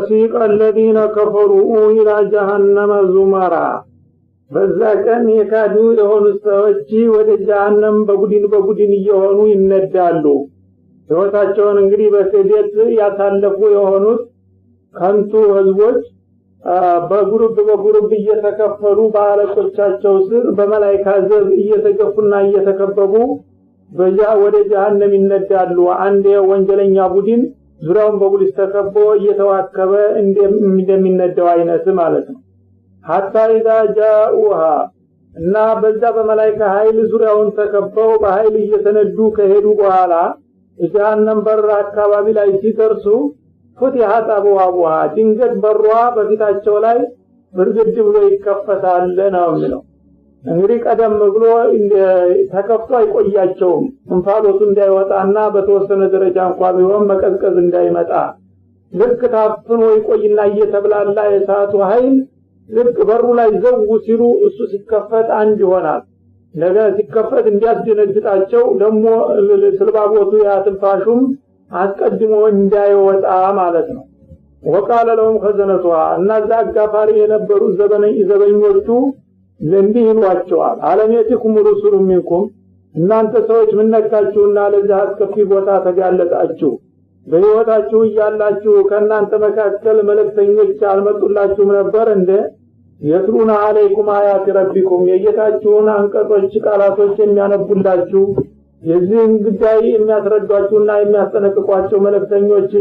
وسيق الذين كفروا إلى جهنم زمرا በዛ ቀን የካዱ የሆኑ ሰዎች ወደ ጀሃነም በቡድን በቡድን እየሆኑ ይነዳሉ። ህይወታቸውን እንግዲህ በስደት ያሳለፉ የሆኑት ከንቱ ህዝቦች በጉሩብ በጉሩብ እየተከፈሉ በአለቆቻቸው ስር በመላይካ ዘብ እየተገፉና እየተከበቡ በዛ ወደ ጀሃነም ይነዳሉ። አንድ የወንጀለኛ ቡድን ዙሪያውን በጉሊት ተከቦ እየተዋከበ እንደሚነደው አይነት ማለት ነው። ሀታ ኢዛ ጃኡሃ እና በዛ በመላይካ ኃይል ዙሪያውን ተከበው በኃይል እየተነዱ ከሄዱ በኋላ የጀሃነም በር አካባቢ ላይ ሲደርሱ ፍትሀት አብዋቡሃ ድንገት በሯ በፊታቸው ላይ ብርግድ ብሎ ይከፈታል ነው የሚለው። እንግዲህ ቀደም ብሎ ተከፍቶ አይቆያቸውም። እንፋሎቱ እንዳይወጣና በተወሰነ ደረጃ እንኳ ቢሆን መቀዝቀዝ እንዳይመጣ ልክ ታፍኖ ይቆይና እየተብላላ የእሳቱ ሀይል ልክ በሩ ላይ ዘው ሲሉ እሱ ሲከፈት አንድ ይሆናል። ነገ ሲከፈት እንዲያስደነግጣቸው ደግሞ ስልባቦቱ ያትንፋሹም አስቀድሞ እንዳይወጣ ማለት ነው። ወቃለ ለሁም ከዘነቷ እና እዛ አጋፋሪ የነበሩት ዘበኞቹ እንዲህ ይሏቸዋል፣ አለሜቲኩም ሩሱሉ ሚንኩም እናንተ ሰዎች ምነካችሁና ለዚህ አስከፊ ቦታ ተጋለጣችሁ? በሕይወታችሁ እያላችሁ ከእናንተ መካከል መልእክተኞች አልመጡላችሁም ነበር እንደ የትሉና አለይኩም አያት ረቢኩም የጌታችሁን አንቀጾች፣ ቃላቶች የሚያነቡላችሁ የዚህን ጉዳይ የሚያስረዷችሁና የሚያስጠነቅቋቸው መልእክተኞች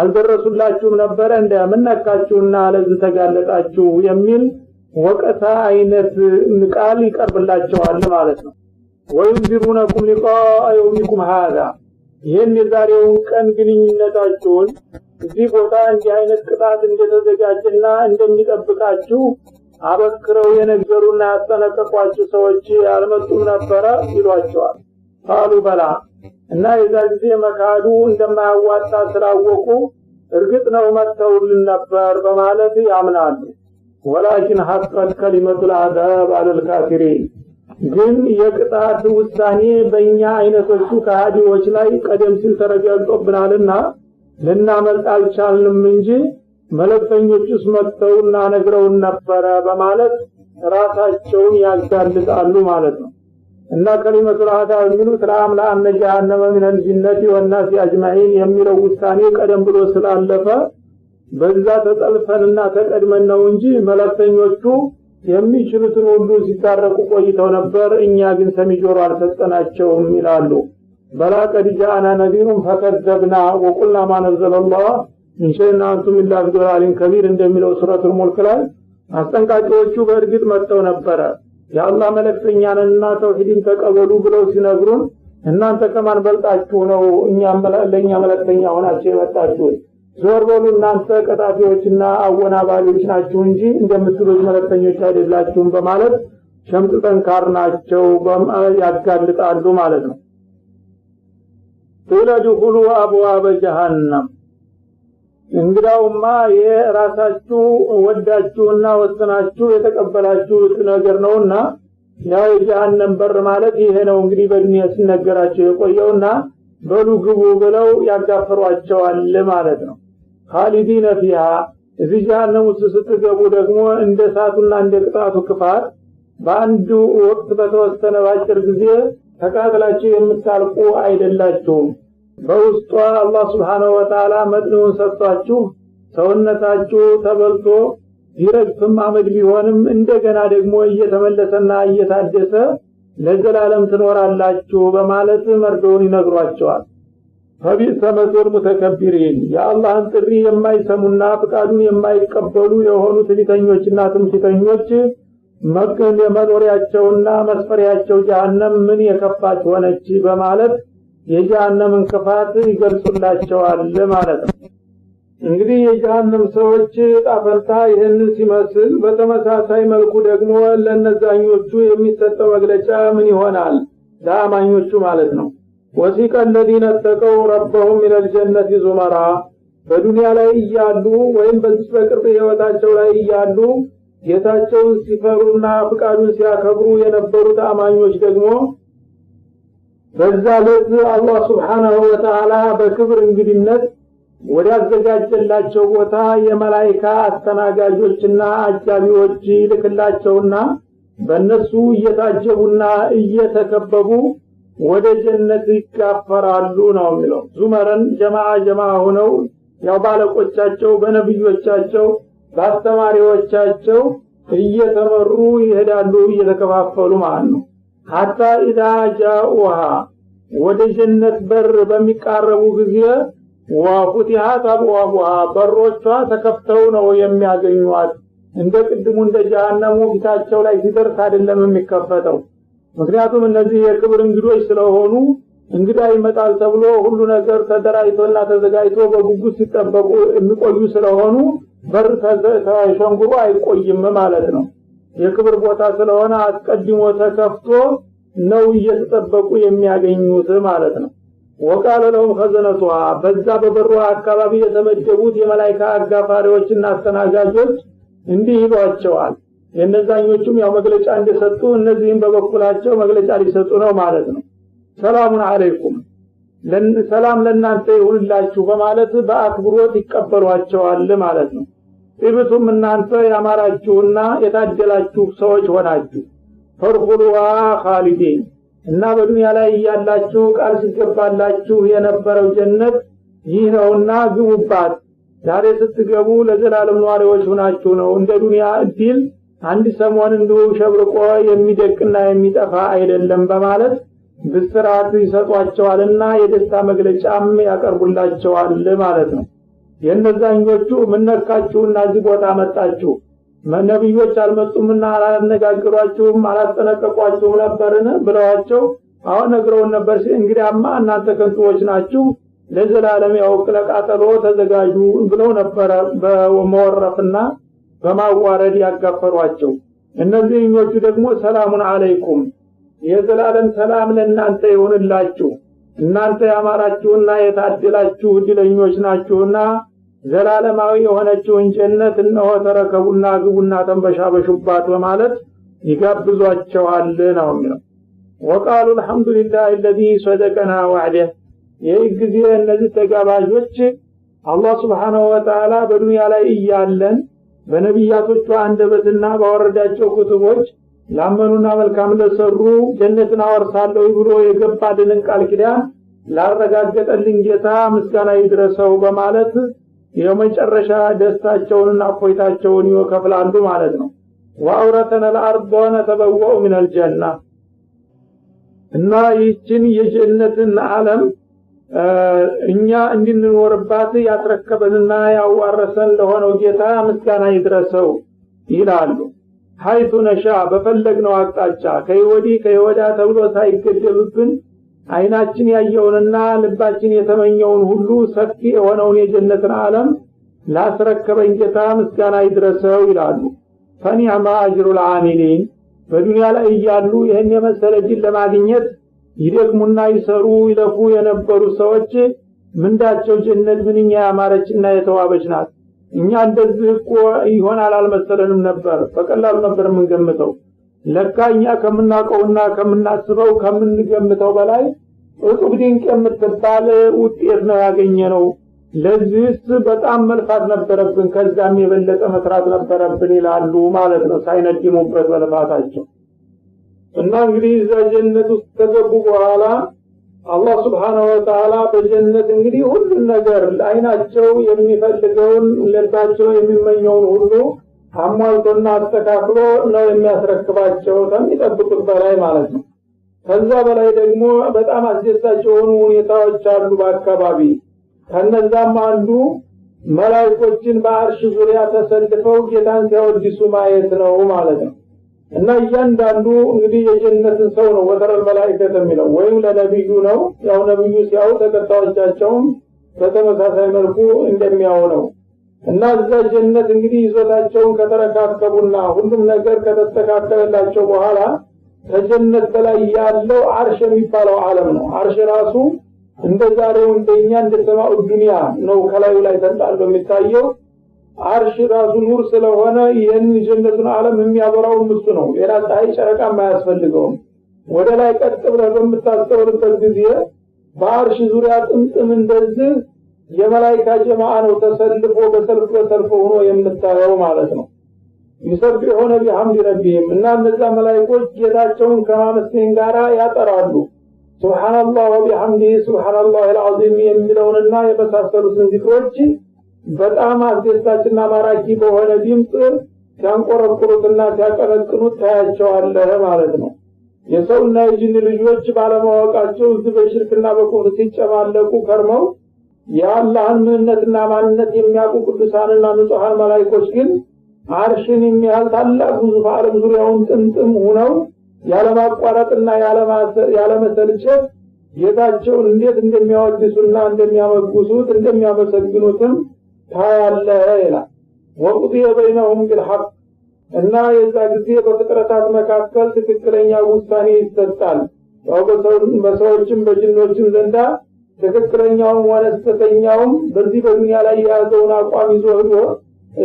አልደረሱላችሁም ነበረ እንደ ምነካችሁና ለዚህ ተጋለጣችሁ የሚል ወቀሳ አይነት ቃል ይቀርብላቸዋል ማለት ነው። ወዩንዚሩነኩም ሊቃ የውሚኩም ሀዛ ይህን የዛሬውን ቀን ግንኙነታችሁን እዚህ ቦታ እንዲህ አይነት ቅጣት እንደተዘጋጀና እንደሚጠብቃችሁ አበክረው የነገሩና ያስጠነቀቋችሁ ሰዎች አልመጡም ነበረ ይሏቸዋል። ቃሉ በላ እና የዛ ጊዜ መካዱ እንደማያዋጣ ስላወቁ እርግጥ ነው መጥተውልን ነበር በማለት ያምናሉ። ወላኪን ሐቀት ከሊመቱ ልአዛብ አለልካፊሪን ግን የቅጣት ውሳኔ በእኛ አይነቶቹ ከሃዲዎች ላይ ቀደም ሲል ተረጋግጦብናልና ልናመልጥ አልቻልንም እንጂ መለክተኞቹስ መጥተውና ነግረውን ነበረ በማለት ራሳቸውን ያጋልጣሉ ማለት ነው። እና ከሊመቱ ልአዛብ የሚሉት ለአም ለአነ ጀሃነመ ሚነል ወናሲ አጅማዒን የሚለው ውሳኔ ቀደም ብሎ ስላለፈ በዛ ተጠልፈንና ተቀድመን ነው እንጂ መለክተኞቹ የሚችሉትን ሁሉ ሲታረቁ ቆይተው ነበር፣ እኛ ግን ሰሚ ጆሮ አልሰጠናቸውም ይላሉ። በላ ጃአና ነዚሩን ፈከዘብና ወቁልና ማ ነዘለላህ ኢን ሸይእን አንቱም ኢላ ፊ ከቢር እንደሚለው ሱረቱል ሙልክ ላይ አስጠንቃቂዎቹ በእርግጥ መጥተው ነበረ። የአላህ መለክተኛንና ተውሂድን ተቀበሉ ብለው ሲነግሩን እናንተ ከማን በልጣችሁ ነው እኛ ለእኛ መለክተኛ ሆናችሁ የመጣችሁት ዞር በሉ እናንተ ቀጣፊዎችና አወናባሪዎች ናችሁ እንጂ እንደምትሉት መለክተኞች አይደላችሁም በማለት ሸምጥ ጠንካር ናቸው ያጋልጣሉ ማለት ነው። ቁለ ድኩሉ አብዋበ ጀሃነም እንግዳውማ የራሳችሁ ወዳችሁና ወስናችሁ የተቀበላችሁት ነገር ነውና ያው የጀሃነም በር ማለት ይሄ ነው። እንግዲህ በዱንያ ሲነገራቸው የቆየውና በሉ ግቡ ብለው ያጋፈሯቸዋል ማለት ነው። ካሊዲነ ፊሃ እዚህ ጀሃነም ውስጥ ስትገቡ ደግሞ እንደ እሳቱና እንደ ቅጣቱ ክፋት በአንዱ ወቅት በተወሰነ ባጭር ጊዜ ተቃጥላችሁ የምታልቁ አይደላችሁም። በውስጧ አላህ ስብሓነሁ ወተዓላ መጥንውን ሰጥቷችሁ ሰውነታችሁ ተበልቶ ቢረግፍም አመድ ቢሆንም እንደገና ደግሞ እየተመለሰና እየታደሰ ለዘላለም ትኖራላችሁ በማለት መርዶውን ይነግሯቸዋል። ፈቢሰ መሲር ሙተከቢሪን የአላህን ጥሪ የማይሰሙና ፍቃዱን የማይቀበሉ የሆኑ ትቢተኞችና ትምክህተኞች መቅን የመኖሪያቸውና መስፈሪያቸው ጀሃነም ምን የከፋች ሆነች በማለት የጀሃነም እንክፋት ይገልጹላቸዋል ማለት ነው። እንግዲህ የጀሃነም ሰዎች ጣፈንታ ይህን ሲመስል፣ በተመሳሳይ መልኩ ደግሞ ለነዛኞቹ የሚሰጠው መግለጫ ምን ይሆናል? ለአማኞቹ ማለት ነው። ወሲቀ አለዚነ ተቀው ረበሁም ሚነል ጀነት ዙመራ በዱንያ ላይ እያሉ ወይም በዚህ በቅርብ ህይወታቸው ላይ እያሉ ጌታቸውን ሲፈሩና ፍቃዱን ሲያከብሩ የነበሩት አማኞች ደግሞ በዛ ዕለት አላህ ስብሓናሁ ወተዓላ በክብር እንግድነት ወዳዘጋጀላቸው ቦታ የመላይካ አስተናጋጆችና አጃቢዎች ይልክላቸውና በእነሱ እየታጀቡና እየተከበቡ ወደ ጀነት ይካፈራሉ ነው የሚለው ዙመርን ጀማዓ ጀማዓ ሆነው ያው ባለቆቻቸው በነብዮቻቸው በአስተማሪዎቻቸው እየተመሩ ይሄዳሉ እየተከፋፈሉ ማለት ነው ሀታ ኢዛ ጃኡሃ ወደ ጀነት በር በሚቃረቡ ጊዜ ዋፉቲሃት አብዋቡሃ በሮቿ ተከፍተው ነው የሚያገኟት እንደ ቅድሙ እንደ ጃሃነሙ ፊታቸው ላይ ሲደርስ አይደለም የሚከፈተው ምክንያቱም እነዚህ የክብር እንግዶች ስለሆኑ እንግዳ ይመጣል ተብሎ ሁሉ ነገር ተደራጅቶና ተዘጋጅቶ በጉጉት ሲጠበቁ የሚቆዩ ስለሆኑ በር ተሸንጉሮ አይቆይም ማለት ነው። የክብር ቦታ ስለሆነ አስቀድሞ ተከፍቶ ነው እየተጠበቁ የሚያገኙት ማለት ነው። ወቃለ ለሁም ከዘነቷ በዛ በበሯ አካባቢ የተመደቡት የመላይካ አጋፋሪዎችና አስተናጋጆች እንዲህ ይሏቸዋል የነዛኞቹም ያው መግለጫ እንደሰጡ እነዚህም በበኩላቸው መግለጫ ሊሰጡ ነው ማለት ነው። ሰላሙን አለይኩም ሰላም ለእናንተ ይሁንላችሁ በማለት በአክብሮት ይቀበሏቸዋል ማለት ነው። ጥብቱም እናንተ ያማራችሁና የታደላችሁ ሰዎች ሆናችሁ ፈርኩሉዋ ኻሊዲን እና በዱንያ ላይ እያላችሁ ቃል ሲገባላችሁ የነበረው ጀነት ይህ ነውና ግቡባት። ዛሬ ስትገቡ ለዘላለም ነዋሪዎች ሆናችሁ ነው እንደ ዱንያ እድል አንድ ሰሞን እንዲሁ ሸብርቆ የሚደቅና የሚጠፋ አይደለም በማለት ብስራት ይሰጧቸዋልና የደስታ መግለጫም ያቀርቡላቸዋል ማለት ነው። የእነዛኞቹ ምነካችሁና እዚህ ቦታ መጣችሁ? ነቢዮች አልመጡምና አላነጋግሯችሁም አላስጠነቀቋችሁም ነበርን? ብለዋቸው አሁን ነግረውን ነበር። እንግዲያማ እናንተ ከንቱዎች ናችሁ፣ ለዘላለም ያውቅ ለቃጠሎ ተዘጋጁ ብለው ነበረ በመወረፍና በማዋረድ ያጋፈሯቸው። እነዚህኞቹ ደግሞ ሰላሙን አለይኩም የዘላለም ሰላም ለእናንተ ይሁንላችሁ እናንተ ያማራችሁና የታደላችሁ እድለኞች ናችሁና ዘላለማዊ የሆነችውን ጀነት እነሆ ተረከቡና ግቡና ተንበሻበሹባት በማለት ይጋብዟቸዋል ነው የሚለው። ወቃሉ አልሐምዱሊላህ አለዚ ሰደቀና ዋዕደ። ይህ ጊዜ እነዚህ ተጋባዦች አላህ ስብሓነሁ ወተዓላ በዱንያ ላይ እያለን በነቢያቶቿ አንደበትና ባወረዳቸው ክትቦች ላመኑና መልካም ለሰሩ ጀነትን አወርሳለሁ ብሎ የገባልንን ቃል ኪዳን ላረጋገጠልኝ ጌታ ምስጋና ይድረሰው በማለት የመጨረሻ ደስታቸውንና እፎይታቸውን ይከፍላሉ ማለት ነው። ወአውረተነ ለአርድ ነተበወኡ ሚነል ጀና እና ይህችን የጀነትን ዓለም እኛ እንድንኖርባት ያስረከበንና ያዋረሰን ለሆነው ጌታ ምስጋና ይድረሰው ይላሉ። ሀይቱ ነሻ በፈለግነው አቅጣጫ ከይወዲህ ከይወዳ ተብሎ ሳይገደብብን አይናችን ያየውንና ልባችን የተመኘውን ሁሉ ሰፊ የሆነውን የጀነትን ዓለም ላስረከበን ጌታ ምስጋና ይድረሰው ይላሉ። ፈኒዕማ አጅሩ አሚሊን በዱንያ ላይ እያሉ ይህን የመሰለ ጅን ለማግኘት ይደክሙና ይሰሩ ይለፉ የነበሩ ሰዎች ምንዳቸው ጀነት ምንኛ ያማረችና የተዋበች ናት። እኛ እንደዚህ እኮ ይሆናል አልመሰለንም ነበር። በቀላሉ ነበር የምንገምተው። ለካ እኛ ከምናውቀውና ከምናስበው ከምንገምተው በላይ እጹብ ድንቅ የምትባል ውጤት ነው ያገኘ ነው። ለዚህስ በጣም መልፋት ነበረብን፣ ከዛም የበለጠ መስራት ነበረብን ይላሉ ማለት ነው ሳይነድሙበት በልፋታቸው። እና እንግዲህ እዛ ጀነት ውስጥ ከገቡ በኋላ አላህ ስብሓነሁ ወተዓላ በጀነት እንግዲህ ሁሉን ነገር አይናቸው የሚፈልገውን ልባቸው የሚመኘውን ሁሉ አሟልቶና አስተካክሎ ነው የሚያስረክባቸው ከሚጠብቁት በላይ ማለት ነው። ከዛ በላይ ደግሞ በጣም አስደሳች የሆኑ ሁኔታዎች አሉ በአካባቢ። ከነዛም አንዱ መላይኮችን በአርሽ ዙሪያ ተሰልፈው ጌታን ሲያወድሱ ማየት ነው ማለት ነው። እና እያንዳንዱ እንግዲህ የጀነትን ሰው ነው ወተረል መላኢከት የሚለው ወይም ለነቢዩ ነው። ያው ነቢዩ ሲያው ተከታዮቻቸውም በተመሳሳይ መልኩ እንደሚያው ነው። እና እዛ ጀነት እንግዲህ ይዞታቸውን ከተረካከቡና ሁሉም ነገር ከተስተካከለላቸው በኋላ ከጀነት በላይ ያለው አርሽ የሚባለው አለም ነው። አርሽ ራሱ እንደ ዛሬው እንደኛ እንደ ሰማኡ ዱኒያ ነው። ከላዩ ላይ ተንጣሎ የሚታየው አርሽ ራሱ ኑር ስለሆነ ይህን ጀነቱን ዓለም የሚያበራው እሱ ነው። ሌላ ፀሐይ፣ ጨረቃም አያስፈልገውም። ወደ ላይ ቀጥ ብለህ በምታስተውልበት ጊዜ በአርሽ ዙሪያ ጥምጥም እንደዚህ የመላይካ ጀማዓ ነው ተሰልፎ በሰልፍ በሰልፎ ሆኖ የምታየው ማለት ነው። ይሰብሑነ ቢሐምድ ረቢህም እና እነዛ መላይኮች ጌታቸውን ከማመስገን ጋር ያጠራሉ። ሱብሓነላህ ወቢሐምድህ ሱብሓነላህ አልዓዚም የሚለውንና የመሳሰሉትን ዚክሮች በጣም አስደሳችና ማራኪ በሆነ ድምፅ ሲያንቆረቁሩትና ሲያቀነቅኑት ታያቸዋለህ ማለት ነው። የሰውና የጅን ልጆች ባለማወቃቸው እዚህ በሽርክና በኩፍር ሲጨማለቁ ከርመው የአላህን ምህነትና ማንነት የሚያውቁ ቅዱሳንና ንጹሐን መላይኮች ግን አርሽን የሚያህል ታላቅ ግዙፍ ዓለም ዙሪያውን ጥምጥም ሁነው ያለማቋረጥና ያለመሰልቸት ጌታቸው እንዴት እንደሚያወድሱና እንደሚያመጉሱት እንደሚያመሰግኑትም ታያለህ ይላል። ወቁድየ በይነሁም ቢልሐቅ እና የዛ ጊዜ በፍጥረታት መካከል ትክክለኛ ውሳኔ ይሰጣል። በሰዎችም በጅኖችም ዘንዳ ትክክለኛውም ሆነ በዚህ በዱኒያ ላይ የያዘውን አቋም ይዞ ሂዶ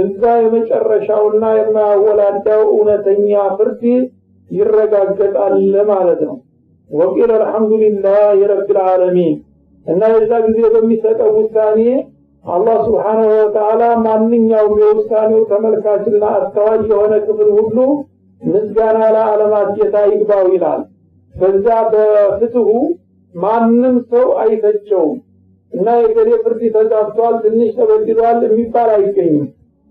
እዛ የመጨረሻውና የማያወላዳው እውነተኛ ፍርድ ይረጋገጣል ማለት ነው። ወቂል አልሐምዱሊላህ የረቢል ዓለሚን እና የዛ ጊዜ በሚሰጠው ውሳኔ አላህ ስብሓናሁ ወተዓላ ማንኛውም የውሳኔው ተመልካችና አስተዋይ የሆነ ክፍል ሁሉ ምስጋና ለዓለማት ጌታ ይግባው ይላል። በዛ በፍትሁ ማንም ሰው አይተቸውም እና የገሌ ፍርድ ተዛብቷል፣ ትንሽ ተበድሏል የሚባል አይገኝም።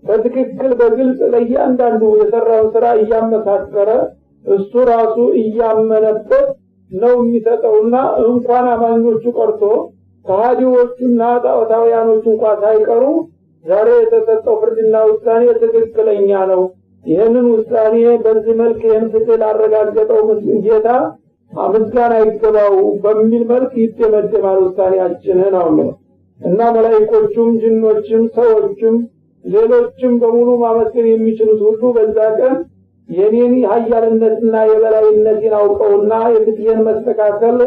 በትክክል በግልጽ ለእያንዳንዱ የሰራውን ስራ እያመሳከረ እሱ ራሱ እያመነበት ነው የሚሰጠውና እንኳን አማኞቹ ቀርቶ ከሃዲዎቹና ጣዖታውያኖቹ እንኳ ሳይቀሩ ዛሬ የተሰጠው ፍርድና ውሳኔ ትክክለኛ ነው። ይህንን ውሳኔ በዚህ መልክ ይህን አረጋገጠው ላረጋገጠው ጌታ ምስጋና ይገባው በሚል መልክ ይደመደማል ውሳኔያችን ነው ነው እና መላይኮቹም፣ ጅኖችም፣ ሰዎችም ሌሎችም በሙሉ ማመስገን የሚችሉት ሁሉ በዛ ቀን የኔን ሀያልነትና የበላይነት አውቀውና የፍትሄን መስተካከል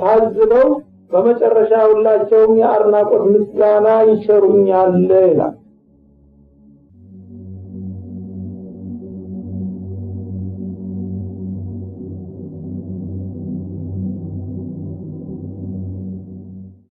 ታዝበው በመጨረሻ ሁላቸውም የአድናቆት ምስጋና ይቸሩኛል ይላል።